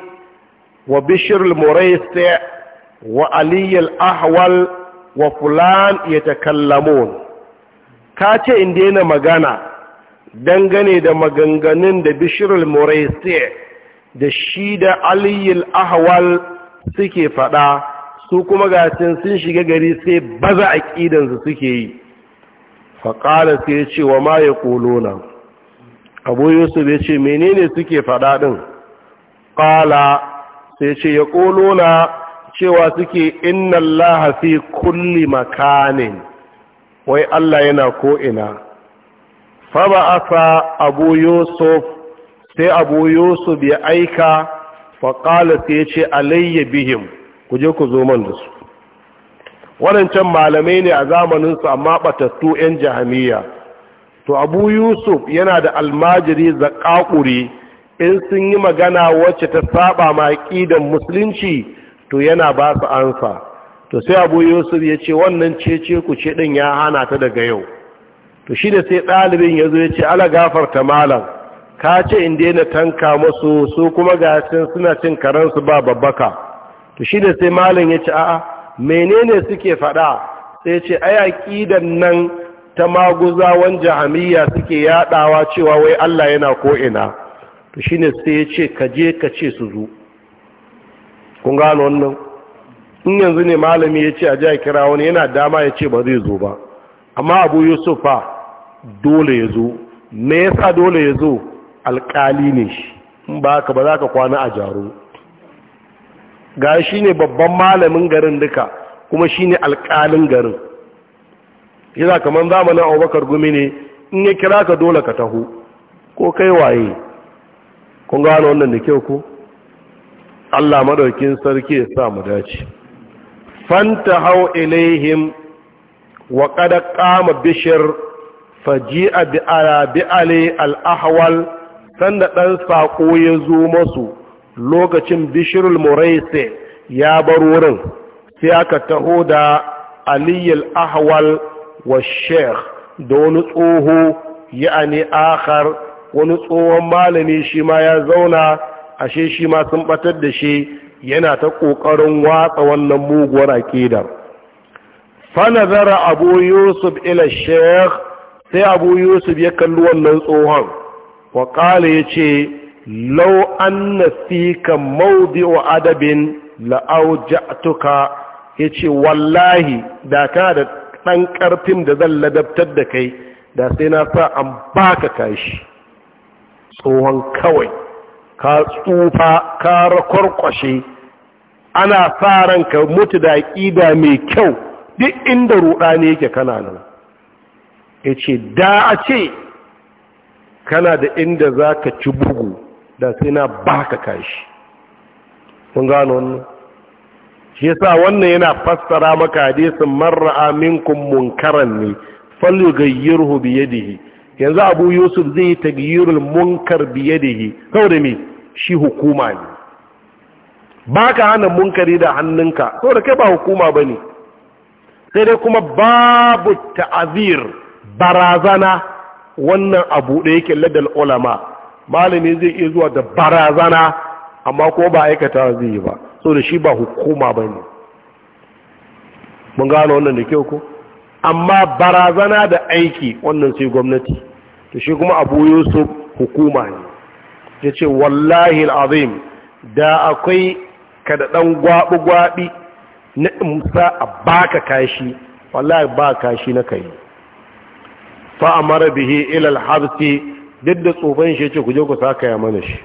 wa bishir al-muraisi wa aliyar ahwal wa fulan yatakallamun ka ce in daina magana dangane da maganganun da bishirul moraisi da shi da aliyul ahwal suke fada su kuma gasin sun shiga gari sai baza aqidansu suke yi faƙala sai ya ce wa ma ya nan. abu yusuf ya ce menene suke faɗa ɗin ƙala sai ce ya na. cewa suke inna Allah fi kulli makanin wai Allah yana ko'ina fa ba abu yusuf sai abu yusuf ya aika faƙala sai ya ce alayya bihim ku je ku zo man da su malamai ne a zamanin su amma ɓatattu 'yan jahamiya to abu yusuf yana da almajiri zaƙaƙuri in sun yi magana wacce ta saba ma ƙidan musulunci to yana ba su ansa to sai abu yusuf ya ce wannan cece ku ce ɗin ya hana ta daga yau to shi da sai ɗalibin ya zo ya ce ala gafarta malam ka ce in daina tanka masu su kuma ga suna cin karansu ba babbaka to shi da sai malam ya ce a'a menene suke faɗa sai ce ai aqidan nan ta maguzawan jahamiyya suke yaɗawa cewa wai Allah yana ko ina to shine sai ya ce ka je ka ce su zo kun gano wannan in yanzu ne malami ya ce a jiya kira wani yana dama ya ce ba zai zo ba amma abu yusuf fa dole ya zo me yasa dole ya zo alkali ne shi in ba ka ba za ka kwana a jaro ga shi ne babban malamin garin duka kuma shi ne alkalin garin yana kamar zamanin abubakar gumi ne in ya kira ka dole ka taho ko kai waye kun gano wannan da kyau ko Allah madaukin sarki ya sa mu dace fanta hau ilaihim wa qad qama bishr faji'a bi ala ali al ahwal sanda dan sako ya zo musu lokacin bishrul muraisi ya bar wurin sai aka taho da ali al ahwal wa sheikh da wani tsoho ya'ani akhar wani tsohon malami shi ma ya zauna ashe shi ma sun batar da shi yana ta ƙoƙarin watsa wannan muguwar aƙidar fanazara abu yusuf ila sheikh sai abu yusuf ya kalli wannan tsohon wa ƙala ya ce lau an na fika maudi wa adabin la'aujatuka ya ce wallahi da ka da ɗan ƙarfin da zan ladabtar da kai da sai na sa an baka kashi tsohon kawai ka tsufa ka rakwarkwashe ana sa ka mutu da ƙida mai kyau duk inda ruɗa ne yake kana nan ya ce da a ce kana da inda za ka ci bugu da sai na baka kashi Mun gano wannan shi sa wannan yana fassara maka hadisin marra aminkum munkaran ne hu biye yadihi yanzu abu yusuf zai yi tagiyirul munkar biye da yi saboda me shi hukuma ne ba ka hana munkari da hannunka saboda kai ba hukuma ba ne sai dai kuma babu ta'azir barazana wannan abu da yake ladal olama malami zai iya zuwa da barazana amma ko ba aikata zai yi ba saboda shi ba hukuma ba ne mun gano wannan da kyau ko amma barazana da aiki wannan sai gwamnati to shi kuma abu yusuf hukuma ne ya ce wallahi al'azim da akwai kadaɗan gwaɓi-gwaɓi na imsa a baka kashi wallahi ba kashi na kai mara bihe ilal harfi duk da tsofan shi ce kuje ku saka ya mana shi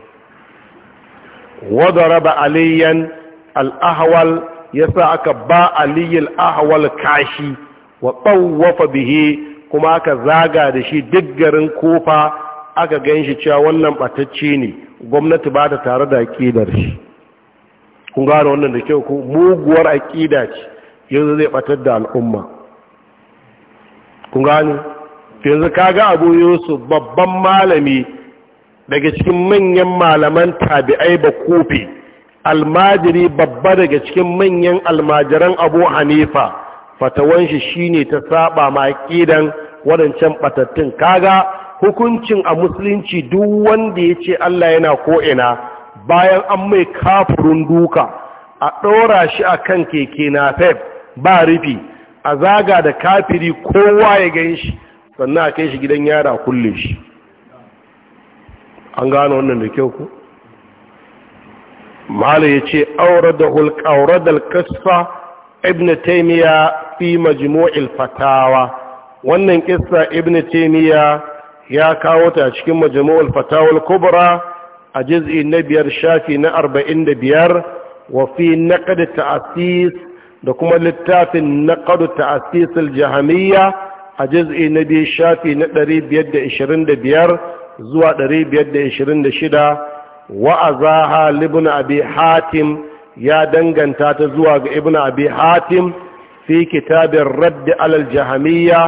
wadara ba aliyan al'ahawal ya sa aka ba aliyyar ahawal kashi wa ɓauwafa bihe kuma aka zaga da shi duk garin kofa aka gan shi cewa wannan ɓatacce ne gwamnati ba ta tare da aƙidar shi kun gano wannan da kyau ko muguwar aƙida ce yanzu zai ɓatar da al'umma kun gano yanzu kaga abu yusuf babban malami daga cikin manyan malaman tabi'ai ba kofi almajiri babba daga cikin manyan almajiran abu hanifa fatawanshi shine ta saba ma aƙidan waɗancan batattun kaga hukuncin a musulunci duk wanda ya ce Allah yana ko'ina bayan an mai kafurin duka a ɗora shi a kan keke na fef ba rufi a zaga da kafiri kowa ya gan shi sannan a kai shi gidan yara kulle shi an gano wannan da kyau ku mahala ya ce auradar kasfa ibn taimiyya fi majmu'il fatawa wannan kissa ibn taymiya ya kawo ta cikin majmu'ul fatawul kubra a juz'i na biyar shafi na 45 wa fi naqd ta'sis da kuma littafin naqd ta'sis al-jahmiyya a juz'i na biyar shafi na 525 zuwa 526 wa azaha libn abi hatim ya danganta ta zuwa ga ibn abi hatim fi kitabin radd alal jahamiyya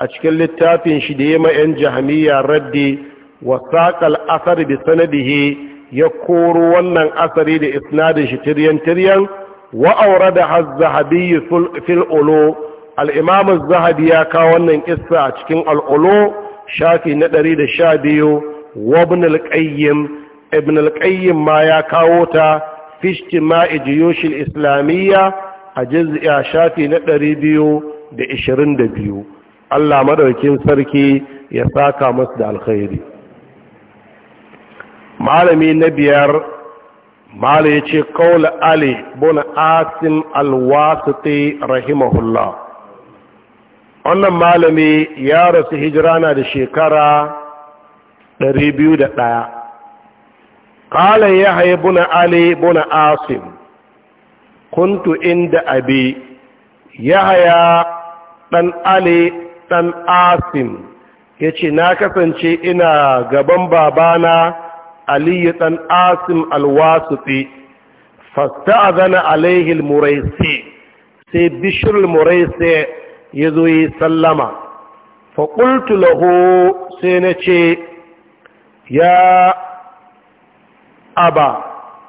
a cikin littafin shi da ya ma'yan jahamiya raddi wa saƙal asar bi sanadihi ya koro wannan asari da isnadin shi tiryan-tiryan wa da hazzahabi fil ulo zahabi ya kawo wannan kissa a cikin al'ulo shafi na ɗari da sha biyu wa ibn ma ya kawo ta fishti ma'i jiyoshin islamiyya a shafi na ɗari biyu da ishirin da biyu Allah madaukin sarki ya saka musu da alkhairi malami na biyar malami ya ce kawula ali buna asim alwasiti rahimahullah wannan malami ya rasu hijira na da shekara 201 قال يحيى Ali buna بن kuntu inda abi ya haya ɗan Ali. ɗan asim ya ce na kasance ina gaban babana aliyu ɗan asim alwasufi fasta a zana alaihil muraisi sai bishirul muraisi ya zo yi sallama faƙultu laho sai na ce ya aba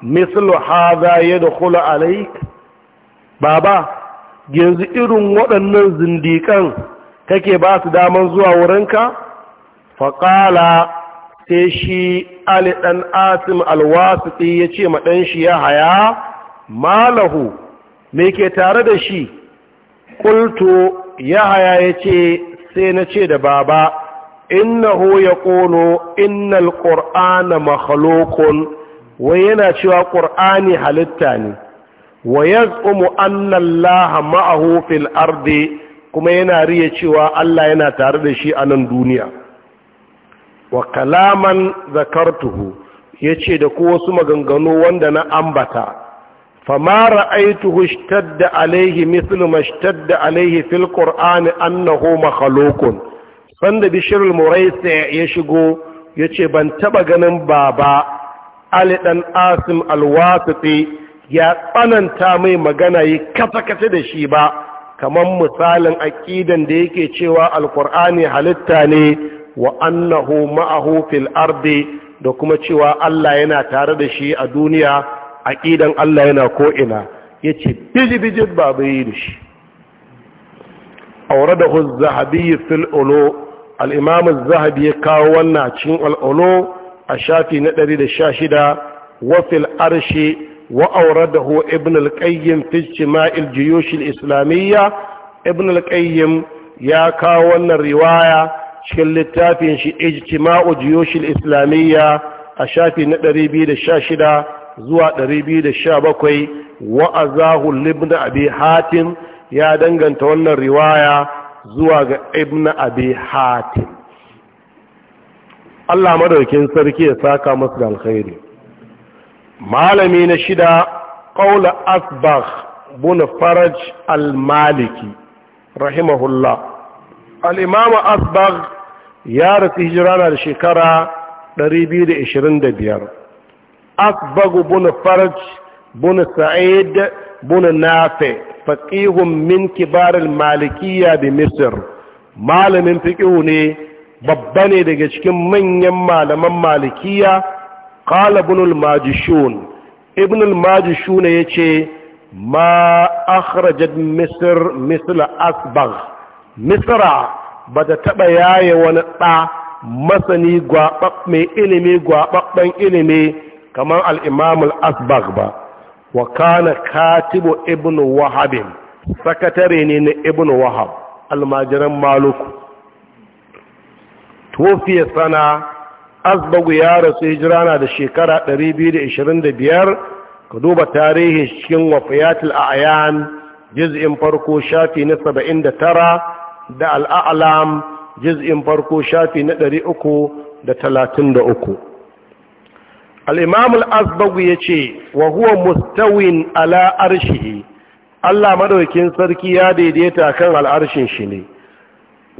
mislu haza ya da kula alaik baba yanzu irin waɗannan zindikan kake ba su daman zuwa wurinka faƙala sai shi ali ɗan asim alwasiti ya ce maɗan shi ya haya malahu me ke tare da shi ƙulto ya haya ya ce sai na ce da baba innahu ya ƙono innal ƙor'ana makhalokun wai yana cewa ƙor'ani halitta ne wa ya tsumu laha ma'ahu fil ardi kuma yana riya cewa Allah yana tare da shi a nan duniya wa kalaman zakartuhu yace da ko wasu maganganu wanda na ambata fama ra'aituhu ishtadda alaihi mithlu ma alaihi fil qur'ani annahu makhluqun sanda bishr al-muraisi ya shigo yace ban taba ganin baba ali dan asim alwasiti ya tsananta mai magana yi kasa-kasa da shi ba kamar misalin aƙidan da yake cewa Alƙur'ani halitta ne wa annahu ma'ahu fil ardi da kuma cewa Allah yana tare da shi a duniya aƙidan Allah yana ko'ina ina yace bijibijib babu yi da shi أورده الذهبي في الألو الإمام الذهبي كاونا تشين الألو الشافي ندري الشاشدة وفي الأرش وأورده ابن القيم في اجتماع الجيوش الإسلامية ابن القيم يا كاون الرواية شكل التافين اجتماع الجيوش الإسلامية أشافي نقري نقريبي للشاشدة زوى بيد الشابكوي وأزاه لابن أبي حاتم يا دنغن تون الرواية زوى ابن أبي حاتم الله مدركين سركي ساكا saka الخيري malami na shida ƙaula Asbah bin faraj al-maliki rahimahullah al Asbah ya rasu hijira da shekara 225 Asbah bin faraj bin sa'id bin nafi faqihun min kibar al da bi malamin fiqhu ne babba ne daga cikin manyan malaman malikiya qala ibn al-majishun ibn majishun yace ma akhrajat misr misla asbagh misra bata taba yaye wani ɗa masani gwabab mai ilimi gwababban ilimi kamar al-imam asbagh ba wa kana katibu ibn wahabin sakatare ne na ibn wahab almajiran maluku tofiya sana asbagu ya rasu hijira na da shekara 225 ka duba tarihin cikin wafiyatul a'yan juz'in farko shafi na 79 da al'alam juz'in farko shafi na 333 al-imam al-asbagu yace wa huwa mustawin ala Allah madaukin sarki ya daidaita kan al'arshin shi ne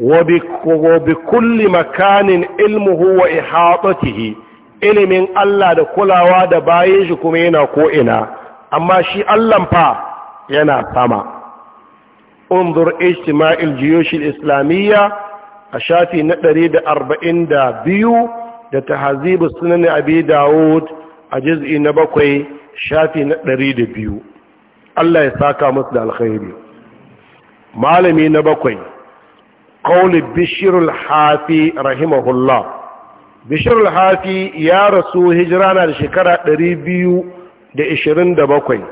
wa bi kulli makanin ilmuhu wa ihatatihi ilimin Allah da kulawa da bayan shi kuma yana ko'ina, amma shi Allah fa yana sama unzur ijtima'il jiyush al-islamiyya a shafi na 142 da tahzib sunan abi daud a juz'i na bakwai shafi na 102 Allah ya saka musu da alkhairi malami na bakwai قول بشير الحافي رحمه الله بشير الحافي يا رسول هجرانا لشكرة ريبيو لإشرين دبقين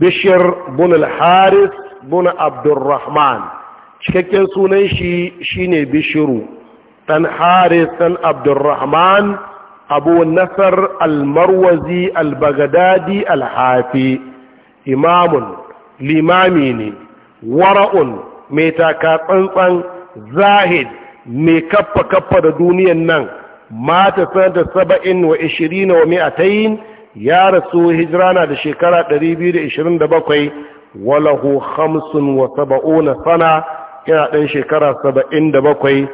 بشير بن الحارث بن عبد الرحمن cikakken sunan shi shine bishiru dan haris dan abdurrahman abu nasar almarwazi albagadadi alhafi imamun limami ne wara'un mai taka tsantsan zahid mai kaffa kaffa da duniyan nan mata sanata saba'in wa ishirina wa mi'atayin ya rasu hijirana da shekara 227 walahu hamsin wa saba'una sana yana ɗan shekara 77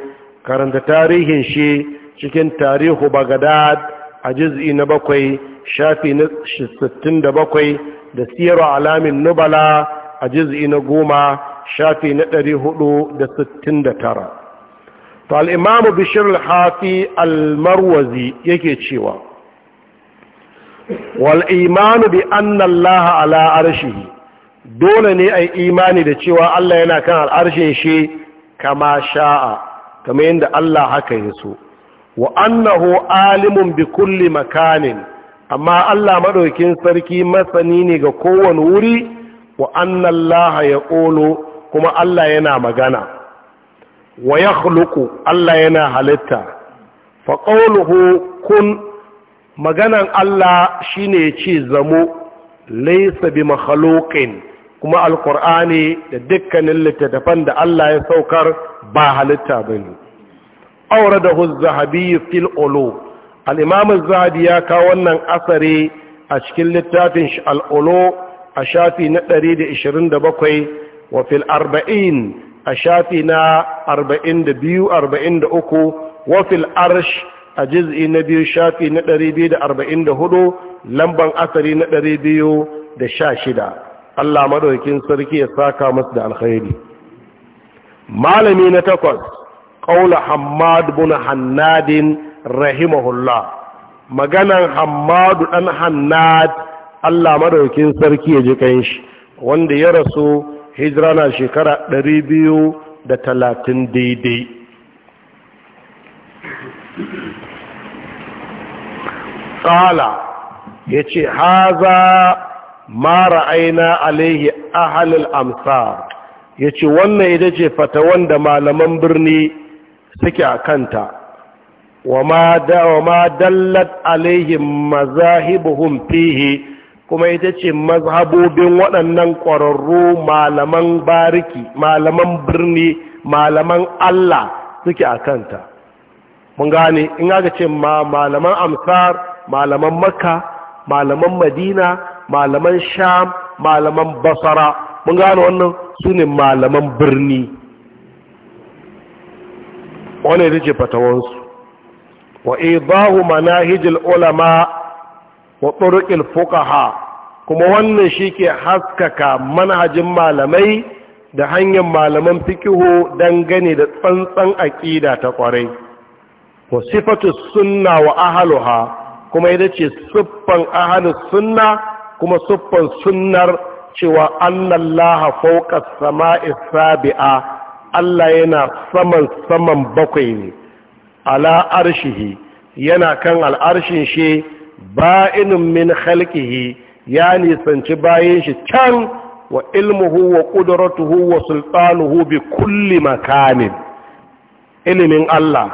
karanta tarihin shi cikin tarihu bagadad a jiz'i na bakwai shafi na 67 da siyarwa alamin nubala a jiz'i na goma shafi na ɗari hudu da sittin da tara al'imamu bishir al-hafi al-marwazi yake cewa wal'imanu bi annallaha laha ala dole ne a imani da cewa Allah yana kan al'arshin shi kama sha'a kama yadda Allah haka yi so wa annahu alimun bi kulli makanin amma Allah maɗaukin sarki masani ne ga kowane wuri wa annan laha ya ƙolo kuma Allah yana magana wa Allah yana halitta fa kun maganan Allah shine ce zamo laisa bi makhluqin kuma alqur'ani da dukkanin littattafan da Allah ya saukar ba halitta ba awradahu az-zahabi huzza ulum al-imam az-zahabi ya kawo wannan asari a cikin littafin shi al-ulum a shafi na 127 Wafil fil arba'in a shafi na arba'in da biyu arba'in da uku wa arsh a jiz'i na biyu shafi na ɗari biyu da arba'in da hudu lamban asari na ɗari biyu da sha shida Allah madaukin sarki ya saka masu da alkhairi malami na takwas ƙaula hamad bin hannadin rahimahullah maganan hamadu ɗan hannad Allah madaukin sarki ya ji shi wanda ya rasu hijira na shekara ɗari biyu da talatin daidai tsala ya ce haza mara aina alaihi ahalil amsa. ya ce wannan ita ce fata wanda malaman birni suke a kanta wa ma dallat alaihi mazahibuhum fihi kuma ita ce mazhabobin waɗannan ƙwararru malaman bariki malaman birni malaman Allah suke a kanta mun gane in aka ce ma malaman amsar malaman makka malaman madina malaman sham malaman basara mun gane wannan su ne malaman birni wani ya ce fatawansu wa hu manahijil ulama wa turuqil fuqaha kuma wannan shi ke haskaka manhajin malamai da hanyar malaman fikihu dangane da tsantsan aƙida ta ƙwarai, wa sifatu sunna wa ahluha kuma ya ce siffan ahlus sunna kuma siffan sunnar cewa annallaha fawqa samai sabi'a Allah yana saman saman bakwai ne ala arshihi yana kan al'arshin shi ba'inun min khalqihi ya nisanci bayan shi can wa ilmuhu wa qudratuhu wa sultanuhu bi kulli makanin ilimin Allah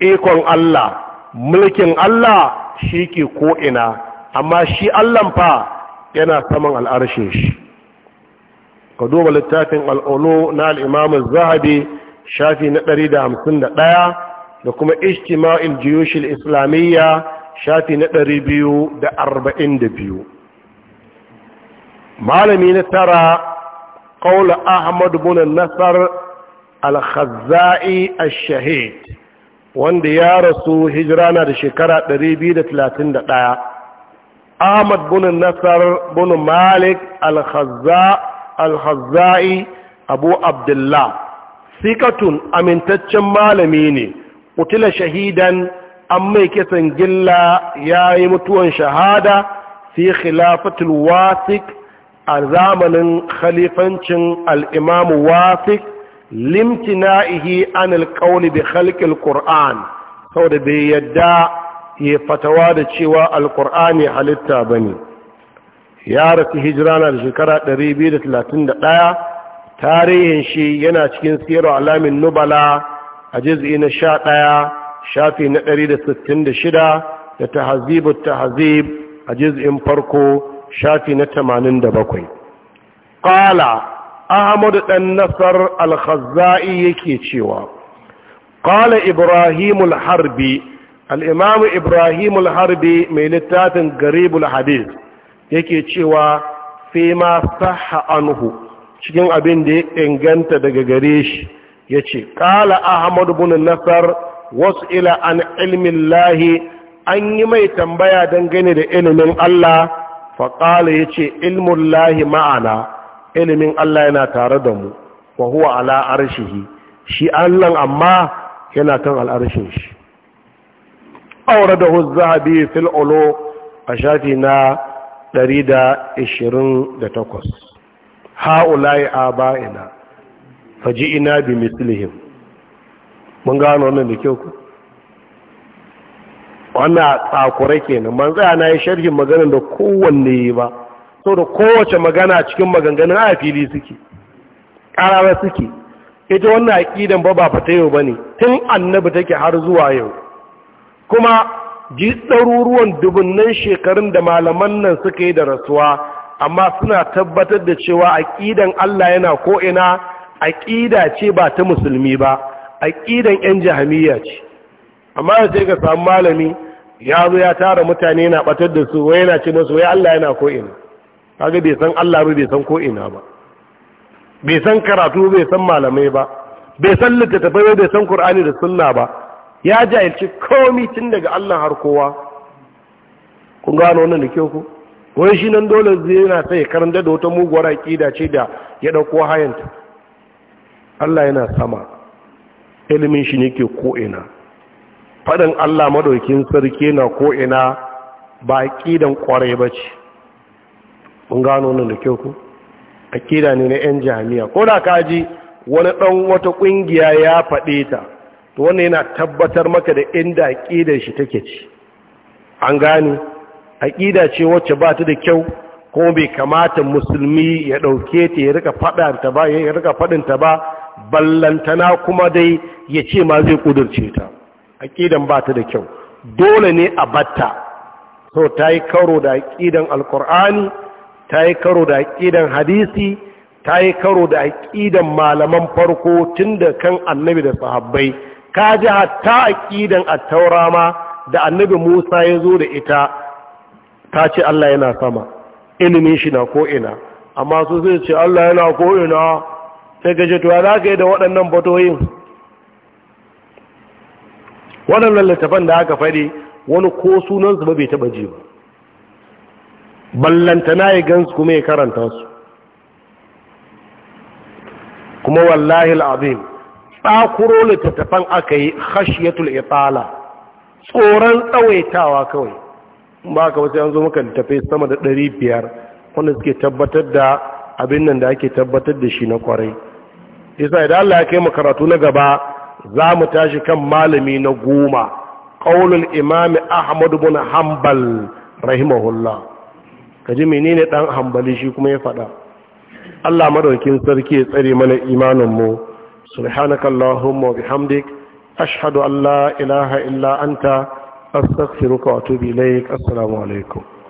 ikon Allah mulkin Allah shi ke ko'ina amma shi Allahn fa yana saman al'arshe shi ka duba littafin al'ulu na al'imamun zahabi shafi na ɗari da hamsin da ɗaya da kuma ijtima'il jiyushin islamiyya shafi na ɗari biyu da arba'in da biyu malami na tara ƙaula ahmad bin nasar al-khazza'i al-shahid wanda ya rasu hijira na da shekara 231 ahmad bin nasar bin malik al-khazza'i abu abdullah sikatun amintaccen malami ne kutila shahidan an mai kisan gilla ya yi mutuwan shahada fi khilafatul wasik a zamanin khalifancin al'imamu wasik limtina'ihi an alƙauni bi halƙil ƙur'an sau da bai yadda ya fatawa da cewa alƙur'ani halitta ba ne ya rasu hijira na da shekara 231 tarihin shi yana cikin siyarwa alamin nubala a jizgi na sha ɗaya shafi na ɗari da sittin da da shida ta hazib a juz'in farko shafi na tamanin da bakwai. Ƙala Ahmadu ɗan nasar al-khazza'i yake cewa Ƙala ibrahimul harbi al’imamu ibrahimul harbi mai littafin garibul hadith yake cewa fi ma saha anhu cikin abin da ya inganta daga gare shi ya ce Ƙala Ahmadu bunin nasar wasu ila an ilmin lahi an yi mai tambaya dangane da ilimin Allah faƙala ya ce ilmin lahi ma'ana ilimin Allah yana tare da mu wa huwa ala arshihi shi Allah amma yana kan al'arshin shi aure da zahabi fil ulo a shafi na 128 ha'ulai aba'ina ina bi mislihim mun gano wannan da kyau ku wannan tsakurai kenan ban tsaya na yi sharhin maganin da kowanne yi ba so da kowace magana cikin maganganun a fili suke ƙarara suke ita wannan aƙidan ba ba fata yau ba ne tun annabi take har zuwa yau kuma ji ɗaruruwan dubunnan shekarun da malaman nan suka yi da rasuwa amma suna tabbatar da cewa aƙidan Allah yana ko'ina aƙida ce ba ta musulmi ba aƙidan yan jahamiya ce amma sai ka samu malami ya zo ya tara mutane na batar da su wai yana ce masu wai Allah yana ko'ina bai san Allah bai san ko'ina ba bai san karatu bai san malamai ba bai san littattafai bai san Qur'ani da sunna ba ya jahilci komai tun daga Allah har kowa kun gano wannan da kyau ku wai shi nan dole zai yana sai ya karanta da wata muguwar aƙida ce da ya dauko hayanta Allah yana sama ilimin shi ne ke ko'ina faɗin allah maɗaukin sarki na ko'ina ba ƙidan ƙwarai ba ce mun gano nan da kyau ku A ƙida ne na 'yan jami'a ko da kaji wani ɗan wata ƙungiya ya faɗe ta to wani yana tabbatar maka da inda aƙidar shi take ci an gane ƙida ce wacce ba ta da kyau kuma bai kamata musulmi ya ɗauke ta ya rika faɗinta ba ballantana kuma dai ya ce ma zai kudurce ta aƙidan ba ta da kyau dole ne a batta so ta yi karo da ƙidan alkur'ani ta yi karo da ƙidan hadisi ta yi karo da ƙidan malaman farko tun da kan annabi da sahabbai ka ji hatta a taura ma da annabi musa ya zo da ita ta ce allah yana sama ilimin shi na ko'ina amma su zai ce allah yana ko'ina sai gaje za ka yi da waɗannan batoyin waɗannan littafan da aka faɗi wani ko sunansu ba bai taɓa ji ba ballantana ya gansu kuma ya karanta su kuma wallahi al'azim tsakuro littattafan aka yi hashiyatul itala tsoron tsawaitawa kawai ba ka wasu yanzu muka littafai sama da ɗari biyar wanda suke tabbatar da abin nan da ake tabbatar da shi na kwarai isa idan Allah ya kai mu karatu na gaba za mu tashi kan malami na goma ƙaunin imami ahmad ibn hanbal rahimahullah kaji menene dan hanbali shi kuma ya faɗa Allah madaukin sarki ya tsare mana imanin mu subhanakallahumma bihamdik ashhadu an la ilaha illa anta astaghfiruka wa atubu ilaik assalamu alaikum